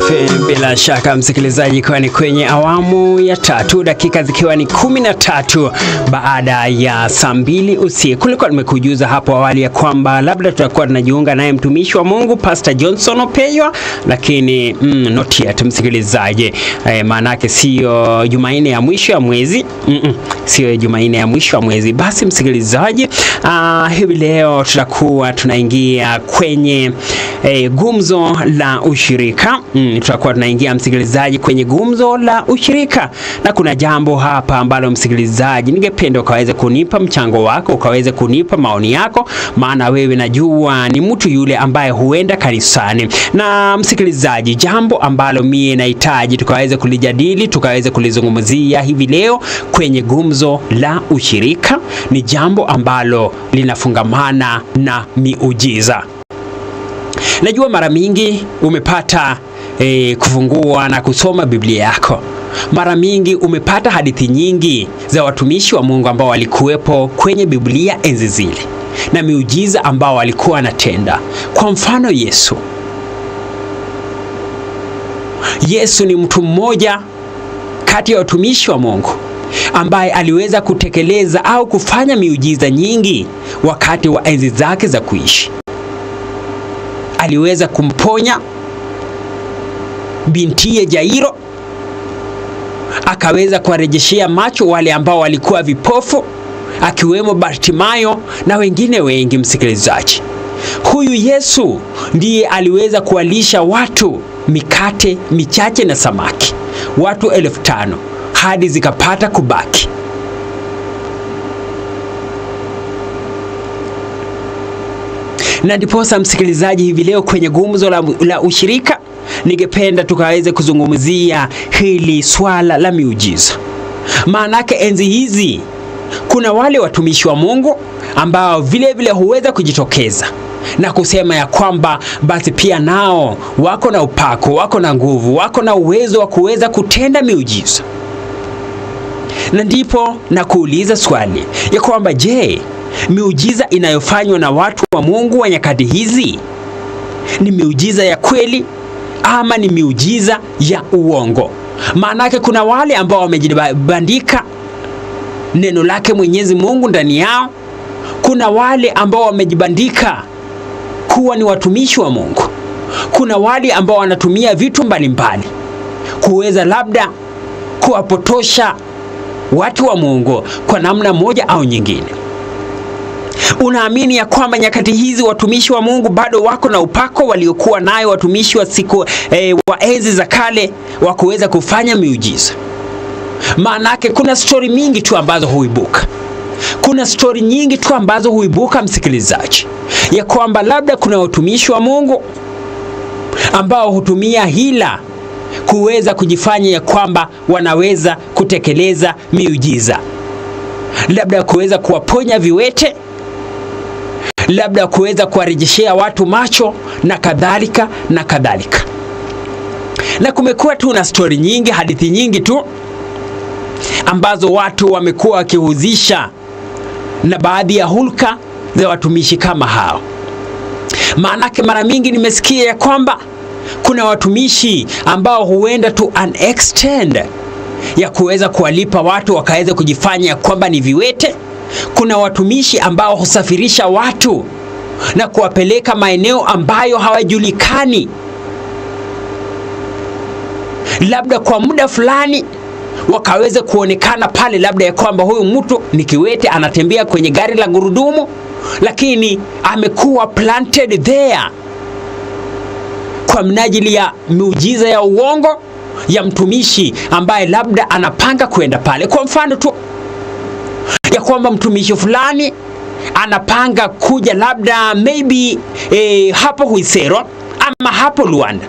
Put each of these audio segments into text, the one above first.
café Bila shaka msikilizaji, ikiwa ni kwenye awamu ya tatu, dakika zikiwa ni kumi na tatu baada ya saa mbili usiku. kulikuwa nimekujuza hapo awali ya kwamba labda tutakuwa tunajiunga naye mtumishi wa Mungu Pastor Johnson Opeyo, lakini mm, not yet msikilizaji. E, eh, maana yake sio Jumanne ya mwisho ya mwezi mm -mm, sio jumaine ya mwisho ya mwezi. Basi msikilizaji, uh, hivi leo tutakuwa tunaingia kwenye e, gumzo la ushirika mm, tutakuwa tunaingia msikilizaji, kwenye gumzo la ushirika, na kuna jambo hapa ambalo msikilizaji, ningependa ukaweze kunipa mchango wako, ukaweze kunipa maoni yako, maana wewe najua ni mtu yule ambaye huenda kanisani. Na msikilizaji, jambo ambalo mie nahitaji tukaweze kulijadili, tukaweze kulizungumzia hivi leo kwenye gumzo la ushirika ni jambo ambalo linafungamana na miujiza. Najua mara mingi umepata e, kufungua na kusoma Biblia yako. Mara mingi umepata hadithi nyingi za watumishi wa Mungu ambao walikuwepo kwenye Biblia enzi zile na miujiza ambao walikuwa wanatenda. Kwa mfano Yesu. Yesu ni mtu mmoja kati ya watumishi wa Mungu ambaye aliweza kutekeleza au kufanya miujiza nyingi wakati wa enzi zake za kuishi. Aliweza kumponya bintiye Jairo akaweza kuwarejeshea macho wale ambao walikuwa vipofu akiwemo Bartimayo na wengine wengi. Msikilizaji, huyu Yesu ndiye aliweza kuwalisha watu mikate michache na samaki, watu elfu tano hadi zikapata kubaki. Na ndiposa msikilizaji, hivi leo kwenye gumzo la, la ushirika ningependa tukaweze kuzungumzia hili swala la miujiza. yake enzi hizi kuna wale watumishi wa Mungu ambao vile vile huweza kujitokeza na kusema ya kwamba basi pia nao wako na upako, wako na nguvu, wako na uwezo wa kuweza kutenda miujiza. Na ndipo na kuuliza swali ya kwamba je, miujiza inayofanywa na watu wa Mungu wa nyakati hizi ni miujiza ya kweli? ama ni miujiza ya uongo. Maanake kuna wale ambao wamejibandika neno lake Mwenyezi Mungu ndani yao. Kuna wale ambao wamejibandika kuwa ni watumishi wa Mungu. Kuna wale ambao wanatumia vitu mbalimbali kuweza labda kuwapotosha watu wa Mungu kwa namna moja au nyingine. Unaamini ya kwamba nyakati hizi watumishi wa Mungu bado wako na upako waliokuwa nayo watumishi wa siku e, wa enzi za kale wa kuweza kufanya miujiza? Maanake kuna stori mingi tu ambazo huibuka kuna stori nyingi tu ambazo huibuka msikilizaji, ya kwamba labda kuna watumishi wa Mungu ambao hutumia hila kuweza kujifanya ya kwamba wanaweza kutekeleza miujiza, labda kuweza kuwaponya viwete, labda kuweza kuwarejeshea watu macho na kadhalika na kadhalika. Na kumekuwa tu na stori nyingi, hadithi nyingi tu ambazo watu wamekuwa wakihuzisha na baadhi ya hulka za watumishi kama hao. Maanake mara mingi nimesikia ya kwamba kuna watumishi ambao huenda tu an extend ya kuweza kuwalipa watu wakaweza kujifanya kwamba ni viwete kuna watumishi ambao husafirisha watu na kuwapeleka maeneo ambayo hawajulikani, labda kwa muda fulani wakaweze kuonekana pale, labda ya kwamba huyu mtu ni kiwete, anatembea kwenye gari la gurudumu, lakini amekuwa planted there kwa minajili ya miujiza ya uongo ya mtumishi ambaye labda anapanga kwenda pale. Kwa mfano tu ya kwamba mtumishi fulani anapanga kuja labda maybe eh, hapo Huisero ama hapo Luanda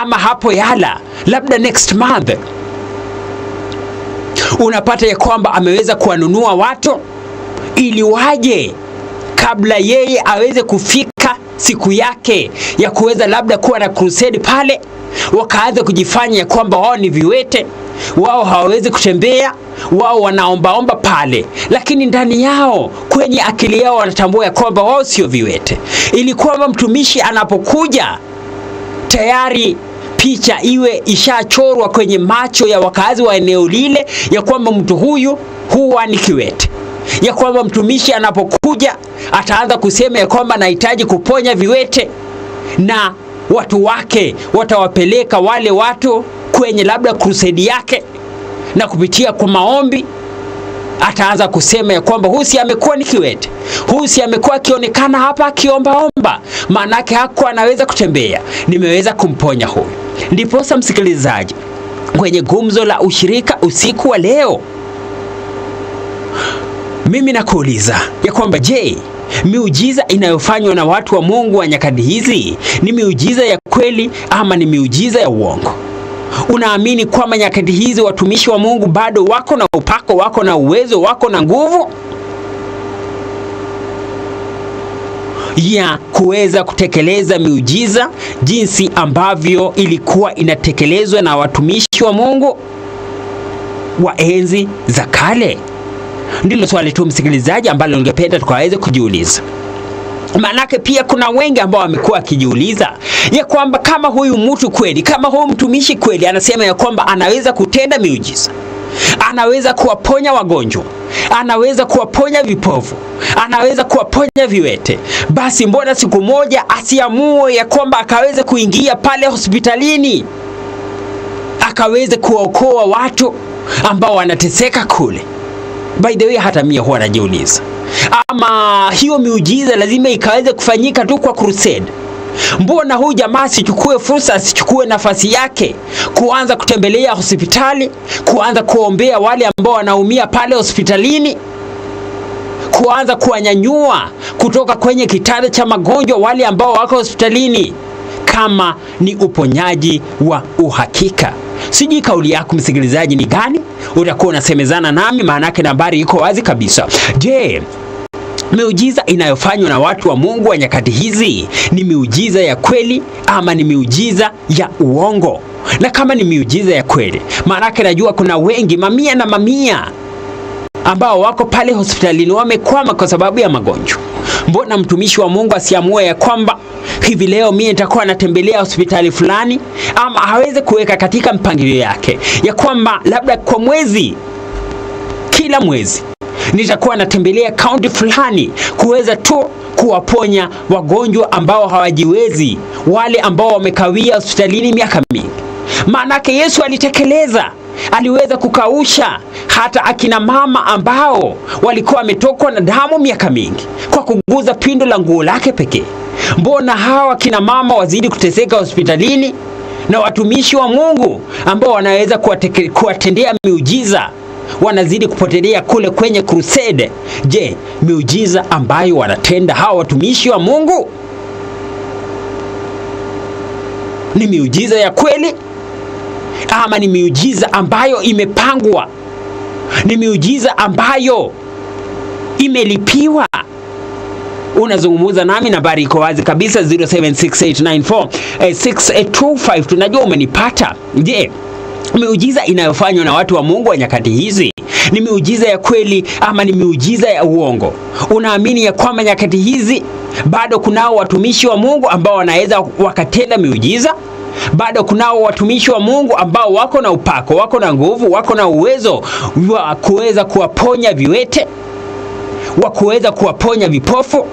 ama hapo Yala labda next month, unapata ya kwamba ameweza kuwanunua watu ili waje kabla yeye aweze kufika siku yake ya kuweza labda kuwa na crusade pale, wakaanza kujifanya ya kwamba wao ni viwete wao hawawezi kutembea, wao wanaombaomba pale, lakini ndani yao kwenye akili yao wanatambua ya kwamba wao sio viwete, ili kwamba mtumishi anapokuja tayari picha iwe ishachorwa kwenye macho ya wakazi wa eneo lile ya kwamba mtu huyu huwa ni kiwete, ya kwamba mtumishi anapokuja ataanza kusema ya kwamba anahitaji kuponya viwete, na watu wake watawapeleka wale watu kwenye labda crusade yake na kupitia kwa maombi ataanza kusema ya kwamba husi amekuwa ni kiwete, husi amekuwa akionekana hapa akiombaomba, maanake hako anaweza kutembea, nimeweza kumponya huyu. Ndiposa msikilizaji, kwenye gumzo la ushirika usiku wa leo, mimi nakuuliza ya kwamba je, miujiza inayofanywa na watu wa Mungu wa nyakati hizi ni miujiza ya kweli ama ni miujiza ya uongo? Unaamini kwamba nyakati hizi watumishi wa Mungu bado wako na upako, wako na uwezo, wako na nguvu ya kuweza kutekeleza miujiza jinsi ambavyo ilikuwa inatekelezwa na watumishi wa Mungu wa enzi za kale? Ndilo swali tu msikilizaji, ambalo ningependa tukaweze kujiuliza. Maanake pia kuna wengi ambao wamekuwa wakijiuliza ya kwamba kama huyu mtu kweli, kama huyu mtumishi kweli anasema ya kwamba anaweza kutenda miujiza, anaweza kuwaponya wagonjwa, anaweza kuwaponya vipofu, anaweza kuwaponya viwete, basi mbona siku moja asiamue ya kwamba akaweze kuingia pale hospitalini akaweze kuwaokoa watu ambao wanateseka kule? By the way, hata mimi huwa najiuliza ama hiyo miujiza lazima ikaweze kufanyika tu kwa crusade. Mbona huyu jamaa sichukue fursa, sichukue nafasi yake kuanza kutembelea hospitali, kuanza kuombea wale ambao wanaumia pale hospitalini, kuanza kuwanyanyua kutoka kwenye kitanda cha magonjwa wale ambao wako hospitalini, kama ni uponyaji wa uhakika. Sijui kauli yako msikilizaji ni gani, utakuwa unasemezana nami, maanake nambari iko wazi kabisa. Je, miujiza inayofanywa na watu wa Mungu wa nyakati hizi ni miujiza ya kweli ama ni miujiza ya uongo? Na kama ni miujiza ya kweli, maanake najua kuna wengi, mamia na mamia ambao wako pale hospitalini wamekwama kwa sababu ya magonjwa. Mbona mtumishi wa Mungu asiamue ya kwamba hivi leo mimi nitakuwa natembelea hospitali fulani, ama aweze kuweka katika mpangilio yake ya kwamba labda kwa mwezi, kila mwezi nitakuwa natembelea kaunti fulani kuweza tu kuwaponya wagonjwa ambao hawajiwezi, wale ambao wamekawia hospitalini miaka mingi. Maanake Yesu alitekeleza, aliweza kukausha hata akina mama ambao walikuwa wametokwa na damu miaka mingi kwa kuguza pindo la nguo lake pekee. Mbona hawa kina mama wazidi kuteseka hospitalini na watumishi wa Mungu ambao wanaweza kuwatendea miujiza wanazidi kupotelea kule kwenye crusade. Je, miujiza ambayo wanatenda hawa watumishi wa Mungu ni miujiza ya kweli ama ni miujiza ambayo imepangwa? Ni miujiza ambayo imelipiwa? unazungumza nami, nambari iko wazi kabisa 0768946825. Eh, eh, Tunajua umenipata. Je, miujiza inayofanywa na watu wa Mungu wa nyakati hizi ni miujiza ya kweli ama ni miujiza ya uongo? Unaamini ya kwamba nyakati hizi bado kunao watumishi wa Mungu ambao wanaweza wakatenda miujiza? Bado kunao watumishi wa Mungu ambao wako na upako, wako na nguvu, wako na uwezo wa kuweza kuwaponya viwete, wa kuweza kuwaponya vipofu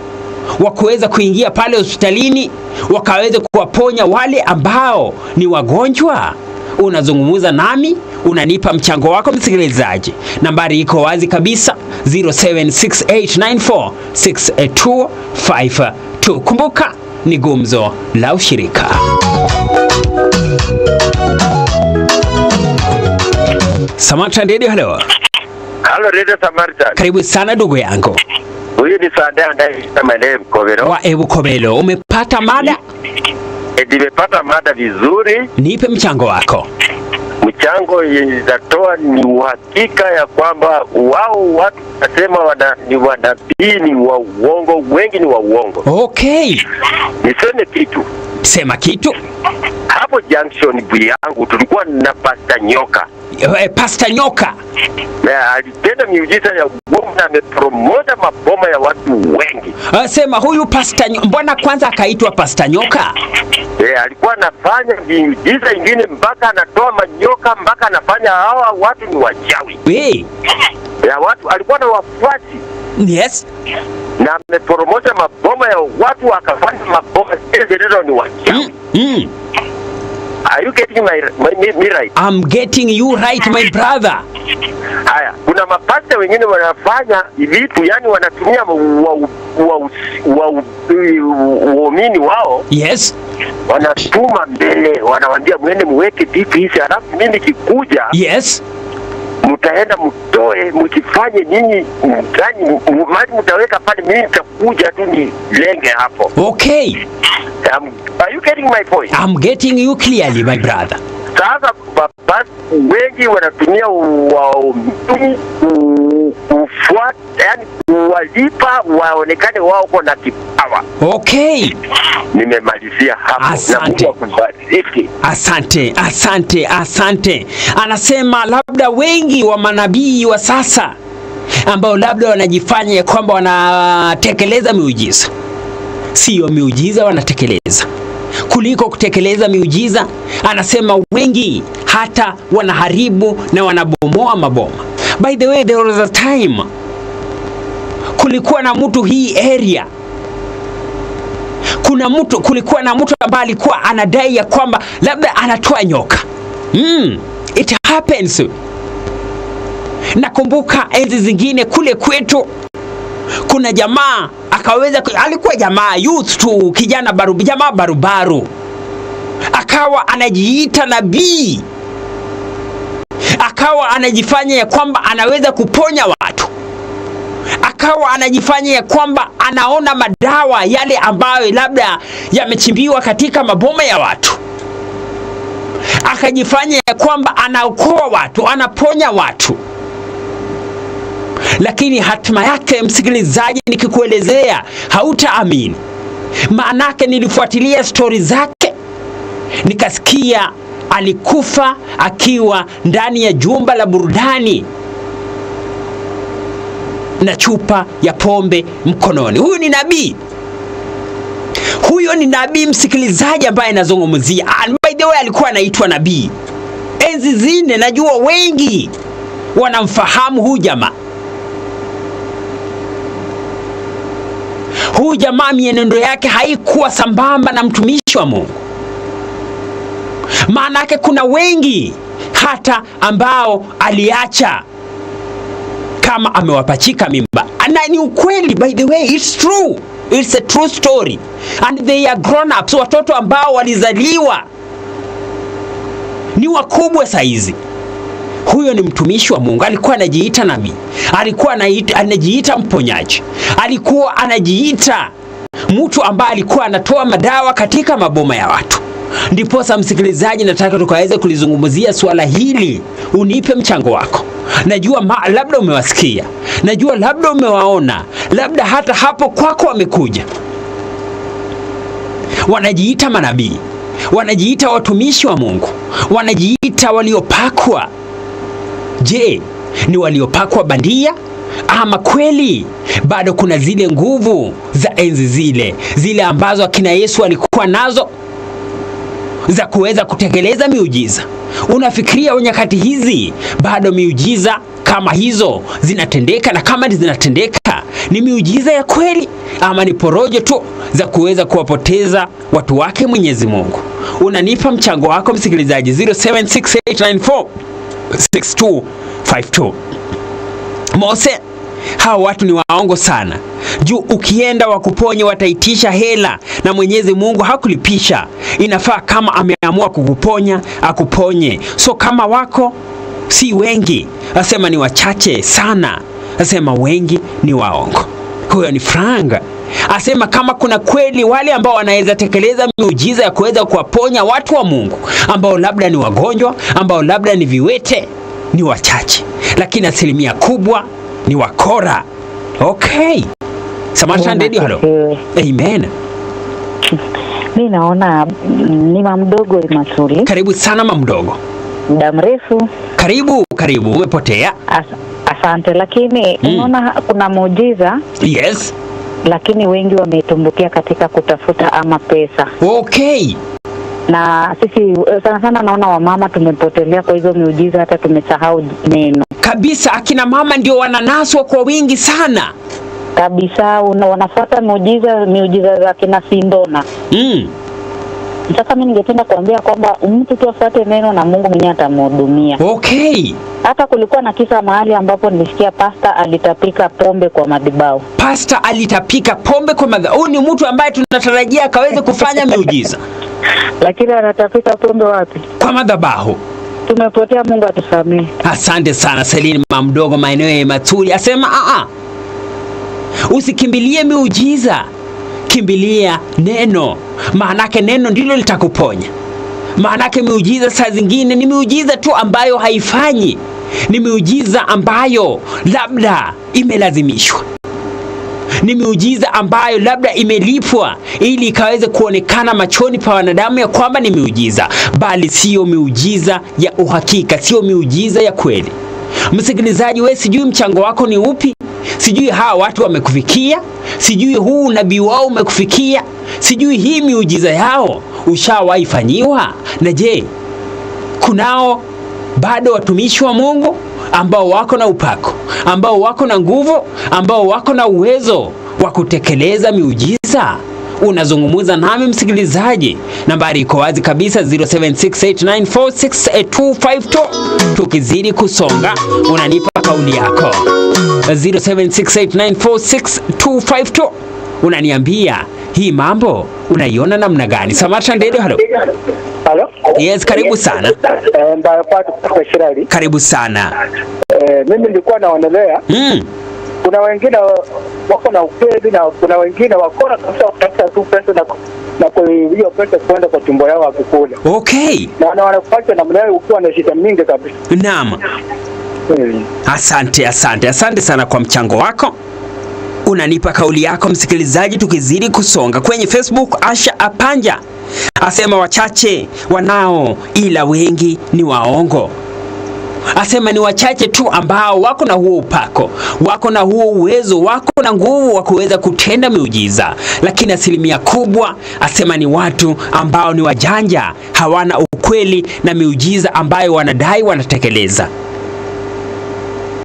wa kuweza kuingia pale hospitalini wakaweze kuwaponya wale ambao ni wagonjwa. Unazungumza nami, unanipa mchango wako msikilizaji. Nambari iko wazi kabisa 0768946252. Kumbuka ni gumzo la ushirika. Samaritan Radio, halo. Hello, Radio Samaritan. Karibu sana ndugu yangu. Huyu ni Sandanda Maeneo Bukobelo wa Ebukobelo. Eh, umepata mada? Eh, nimepata mada vizuri. Nipe mchango wako. Mchango inatoa ni uhakika ya kwamba wao watu nasema wana, ni wanabii ni wa uongo, wengi ni wa uongo. Okay, niseme kitu, sema kitu hapo junction yangu tulikuwa na Pasta Nyoka. Eh, eh Pasta Nyoka alitenda miujiza ya ugomvi na amepromota maboma ya watu wengi. Ah, sema huyu Pasta Nyoka, mbona kwanza akaitwa Pasta Nyoka? Eh, alikuwa anafanya miujiza ingine mpaka anatoa manyoka mpaka anafanya hawa watu ni wachawi. Eh. Ya watu alikuwa na wafuasi. Yes. Na amepromota maboma ya watu akafanya maboma zilizo ni wachawi. Mm. Mm. Are you getting my, my, me, me right? I'm getting you right my brother. Haya, kuna mapasta wengine wanafanya vitu yani wanatumia waumini wao. Yes. Wanatuma mbele, wanawambia mwende muweke vitu hizi, halafu mimi nikikuja. Yes mtaenda mtoe, mkifanye nini yani mali mtaweka pale, mimi nitakuja tu ni lenge hapo. Okay. Um, are you getting my point? I'm getting you clearly my brother. Sasa basi wengi wanatumia waumini kufuata, yani kuwalipa waonekane wao na kipawa. Okay, nimemalizia hapo. Asante. Asante, asante, asante. Anasema labda wengi wa manabii wa sasa ambao labda wanajifanya ya kwamba wanatekeleza miujiza, siyo miujiza wanatekeleza kuliko kutekeleza miujiza? Anasema wengi hata wanaharibu na wanabomoa maboma. By the way, there was a time kulikuwa na mtu hii area kuna mtu kulikuwa na mtu ambaye alikuwa anadai ya kwamba labda anatoa nyoka. Mm, it happens. Nakumbuka enzi zingine kule kwetu kuna jamaa akaweza, alikuwa jamaa youth tu, kijana baru, jamaa barubaru, akawa anajiita nabii, akawa anajifanya ya kwamba anaweza kuponya watu, akawa anajifanya ya kwamba anaona madawa yale ambayo labda yamechimbiwa katika maboma ya watu, akajifanya ya kwamba anaokoa watu, anaponya watu lakini hatima yake msikilizaji, nikikuelezea hautaamini. Maanake nilifuatilia stori zake nikasikia alikufa akiwa ndani ya jumba la burudani na chupa ya pombe mkononi. Huyu ni nabii, huyo ni nabii msikilizaji, ambaye anazungumzia. By the way, alikuwa anaitwa nabii. Enzi zine najua wengi wanamfahamu huyu jamaa. huyu jamaa mienendo yake haikuwa sambamba na mtumishi wa Mungu. Maana yake kuna wengi hata ambao aliacha kama amewapachika mimba, na ni ukweli, by the way it's true, it's a true story and they are grown ups. Watoto ambao walizaliwa ni wakubwa saizi huyo ni mtumishi wa Mungu, alikuwa anajiita nabii, alikuwa anajiita mponyaji, alikuwa anajiita mtu ambaye alikuwa anatoa madawa katika maboma ya watu. ndipo sa msikilizaji, nataka tukaweze kulizungumzia suala hili, unipe mchango wako. Najua ma, labda umewasikia, najua labda umewaona, labda hata hapo kwako wamekuja, wanajiita manabii, wanajiita watumishi wa Mungu, wanajiita waliopakwa Je, ni waliopakwa bandia ama kweli bado kuna zile nguvu za enzi zile, zile ambazo akina Yesu alikuwa nazo za kuweza kutekeleza miujiza? Unafikiria nyakati hizi bado miujiza kama hizo zinatendeka? Na kama zinatendeka, ni miujiza ya kweli ama ni porojo tu za kuweza kuwapoteza watu wake Mwenyezi Mungu? Unanipa mchango wako msikilizaji, 07689 6252. Mose, hawa watu ni waongo sana juu ukienda wakuponye wataitisha hela na Mwenyezi Mungu hakulipisha. Inafaa kama ameamua kukuponya akuponye, so kama wako si wengi, asema ni wachache sana, asema wengi ni waongo. Huyo ni Frank asema kama kuna kweli wale ambao wanaweza tekeleza miujiza ya kuweza kuwaponya watu wa Mungu ambao labda ni wagonjwa, ambao labda ni viwete, ni wachache, lakini asilimia kubwa ni wakora. Okay, Samaritan Radio, halo, amen. Mi naona ni mamdogo Masuli. Karibu sana mamdogo, muda mrefu. Karibu karibu, umepotea. As asante, lakini hmm. unaona kuna muujiza yes lakini wengi wametumbukia katika kutafuta ama pesa. Okay na sisi eh, sana sana naona wamama tumepotelea kwa hizo miujiza, hata tumesahau neno kabisa. Akina mama ndio wananaswa kwa wingi sana kabisa, wanafuata miujiza, miujiza za kina Sindona mm. Sasa mimi ningependa kuambia kwamba mtu tu afuate neno na Mungu mwenyewe atamhudumia. Okay. Hata kulikuwa na kisa mahali ambapo nilisikia pasta alitapika pombe kwa madhabahu. Pasta alitapika pombe kwa madhabahu. Huyu ni mtu ambaye tunatarajia akaweze kufanya miujiza. Lakini anatapika pombe wapi? Kwa madhabahu. Tumepotea, Mungu atusamee. Asante sana Selini Mamdogo, maeneo ya Matuli asema a a, usikimbilie miujiza kimbilia neno, maanake neno ndilo litakuponya. Maanake miujiza saa zingine ni miujiza tu ambayo haifanyi, ni miujiza ambayo labda imelazimishwa, ni miujiza ambayo labda imelipwa ili ikaweze kuonekana machoni pa wanadamu ya kwamba ni miujiza, bali siyo miujiza ya uhakika, siyo miujiza ya kweli. Msikilizaji, we sijui mchango wako ni upi sijui hawa watu wamekufikia, sijui huu nabii wao umekufikia, sijui hii miujiza yao ushawaifanyiwa. Na je, kunao bado watumishi wa Mungu ambao wako na upako, ambao wako na nguvu, ambao wako na uwezo wa kutekeleza miujiza? Unazungumza nami msikilizaji, nambari iko wazi kabisa 0768946252. Tukizidi kusonga, unanipa kauli yako 0768946252, unaniambia hii mambo unaiona namna gani? Samata Ndede, halo. Halo. Yes, karibu sana. Eh, karibu sana. Eh, mimi nilikuwa naonelea mm kuna wengine wako na ukweli na kuna wengine wako na kabisa kutafuta tu pesa na na kwa hiyo pesa kwenda kwa tumbo yao wakikula. Okay. Na wanafanya namna hiyo ukiwa na shida mingi kabisa. Naam. Hmm. Asante, asante, asante sana kwa mchango wako. Unanipa kauli yako msikilizaji, tukizidi kusonga kwenye Facebook. Asha Apanja asema wachache wanao ila wengi ni waongo asema ni wachache tu ambao wako na huo upako, wako na huo uwezo, wako na nguvu wa kuweza kutenda miujiza, lakini asilimia kubwa asema ni watu ambao ni wajanja, hawana ukweli na miujiza ambayo wanadai wanatekeleza.